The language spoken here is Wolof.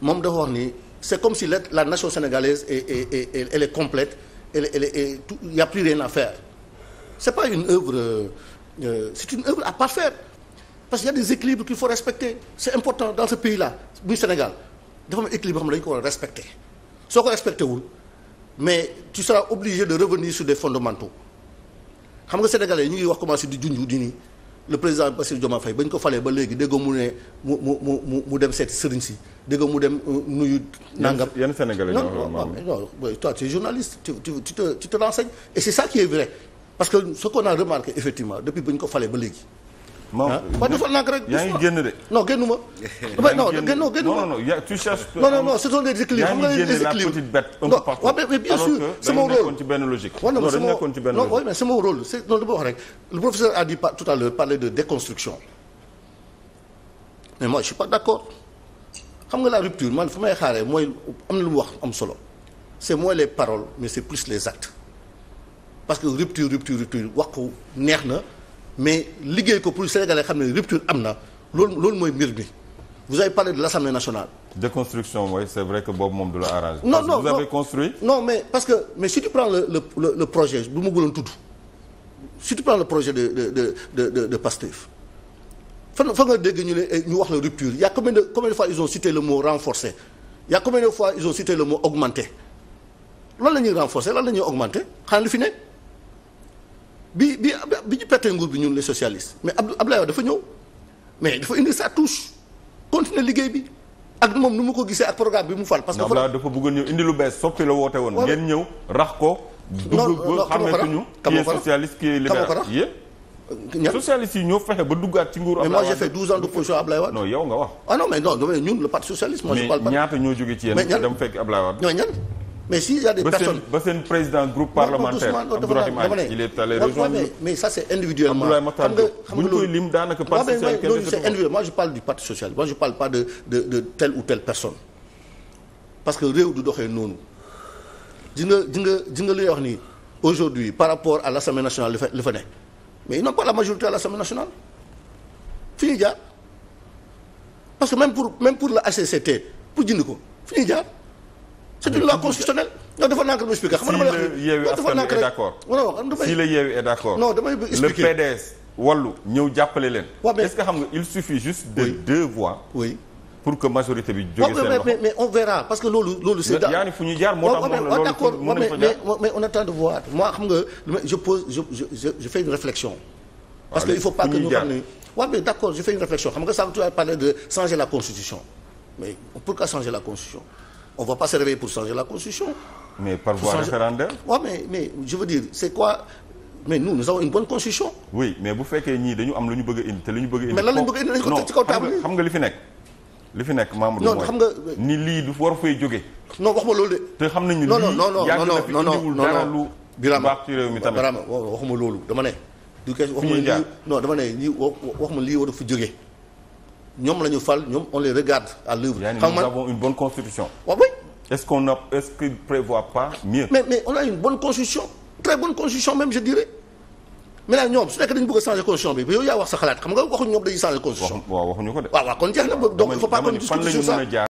moom dafa wax nii c'est comme si la nation sénégalaise est est est elle, elle est complète elle elle est tout y plus rien à faire c'est pas une œuvre euh, euh, c'est une œuvre à parfaire parce que y a des équilibres qu'il faut respecter c'est important dans ce pays-là muy Sénégal dafa am équilibre xam dañu ko respecter soo ko respecté wul mais tu seras obligé de revenir sur des fondamentaux xam nga sénégalais ñu ngi wax commencé di junj di nii. le président Bassirou Diomaye Faye ba ñu ko falee ba léegi déggoo mu ne mu mu mu mu dem seeti sëriñ si déggoo mu dem euh, nuyu. nangam yan Sénégalais ñoo non non toi tu es journaliste tu tu tu te tu te renseignes et c'est ça qui est vrai parce que ce qu'on a remarqué effectivement depuis ba ñu ko falee ba léegi. ma ma defal nak rek. yaa ngi génn de. non génnu ma. yaa ngi génn non génnu ma non non tu cherches. non non non ce sont des équilibres xam nga les équilibres yaa ngi génne la petite bête un peu partout. mais bien sûr sama rôle alors que dañu nekkoon ci benn logique. non dañu nekkoon ci benn logique non oui mais sama rôle c'est non li ma wax rek le professeur a dit tout à l'heure parler de déconstruction mais moi je suis pas d'accord xam nga la rupture man fu may xaaree mooy am na lu mu wax am solo c'est moins les paroles mais c'est plus les actes parce que rupture rupture rupture wax ko neex na. mais liggéey ko pour sénégalais xam ne rupture am na loolu loolu mooy mbir mi vous avez parlé de l'Assemblée nationale. déconstruction mooy c'est vrai que boobu moom du la arrange. non non vous avez construit. non mais parce que mais si tu prends le le le projet bu ma gënoon tudd si prends le projet de de de de de de Pastef fan nga dégg ñu ne eh, ñu wax la rupture il y a combien de combien de fois ils ont cité le mot renforcé il y a combien fois ils ont cité le mot augmenté lan la ñuy renforcer lan la ñuy augmenté xanaa bi bi bi ñu perte nguur bi ñun les socialistes mais Abdou Abdoulaye dafa ñëw mais dafa indi sa touche continuer liggéey bi ak moom nu mu ko gisee ak programme bi mu fal. parce que Abdoulaye dafa bëggoon ñëw indi lu bees soppi la woote woon. ngeen ñëw rax ko. dugg ba xàmmeetuñu qui est socialiste qui est libéral ñan yi ñoo fexe ba duggaat ci nguuru. Abdoulaye Wade mais moi j'ai nga wax. ah non mais non ñun le parti mais ñaata ñoo jógee ci yéen. mais ñan. mais s'il y a des Bassène, personnes ba seen président groupe parlementaire Abdourahmane il est allé mais ça c'est individuellement xam nga xam nga lim daanaka parti social non c'est individuel moi je parle du parti social moi je parle pas de de ou telle personne parce que réew du doxe noonu di nga di nga di nga luy wax nii aujourd'hui par rapport à l'Assemblée nationale li fa ne mais ils n'ont pas la majorité à l'Assemblée nationale fi ñuy jaar parce que même pour même pour la HCCT pour jënd ko c'est une loi constitutionnelle non dafa nànk dama expliqué. xam nga dama la dafa nànk rek si la Yewwi est d'accord non damay expliqué le PDS wallu ñëw jàppale leen. mais on verra parce que loolu loolu. c'est yaa ni fu ñu jaar moo tax loolu d'accord mais mais je pose je fais une réflexion. parce que il faut pas que ñu xam ne waaw d'accord je fais une réflexion xam nga sànq tu as parlé de changer la constitution mais pourquoi changer la constitution. on va pas se pour changer la constitution. mais par voie référendaire. waaw ouais, mais mais je veux dire c'est quoi mais nous nous avons une bonne constitution. oui mais bu fekkee ñii dañu am lu ñu bëgg a te lu ñu bëgg a indi. mais lan la ñu bëgg a indi ko teg ci kaw xam nga li fi nekk. li fi nekk Mamadou Mboye non xam nga ni lii du war fay jóge. non wax ma loolu de. te xam nañu ne lii yàgg na fi indiwul dara lu baax ci réew mi tamit. Birama waxuma loolu dama ne. du kee waxuma lii non dama ne lii wax ma lii war a fa jóge ñoom la ñu fal ñoom on les regarde à l'œuvre xam nga nous avons une bonne constitution. waaw ah qu'on a est-ce qu'il prévoit pas mieux. mais mais on a une bonne constitution très bonne constitution même je dirais mais nag ñoom su nekkee dañu bëgg a changer constitution bi yow yaa wax sa xalaat xam nga waxuñu ñoom dañuy changer constitution. waaw waxuñu ko de. waaw waaw kon jeex na donc il faut pas qu'on discute sur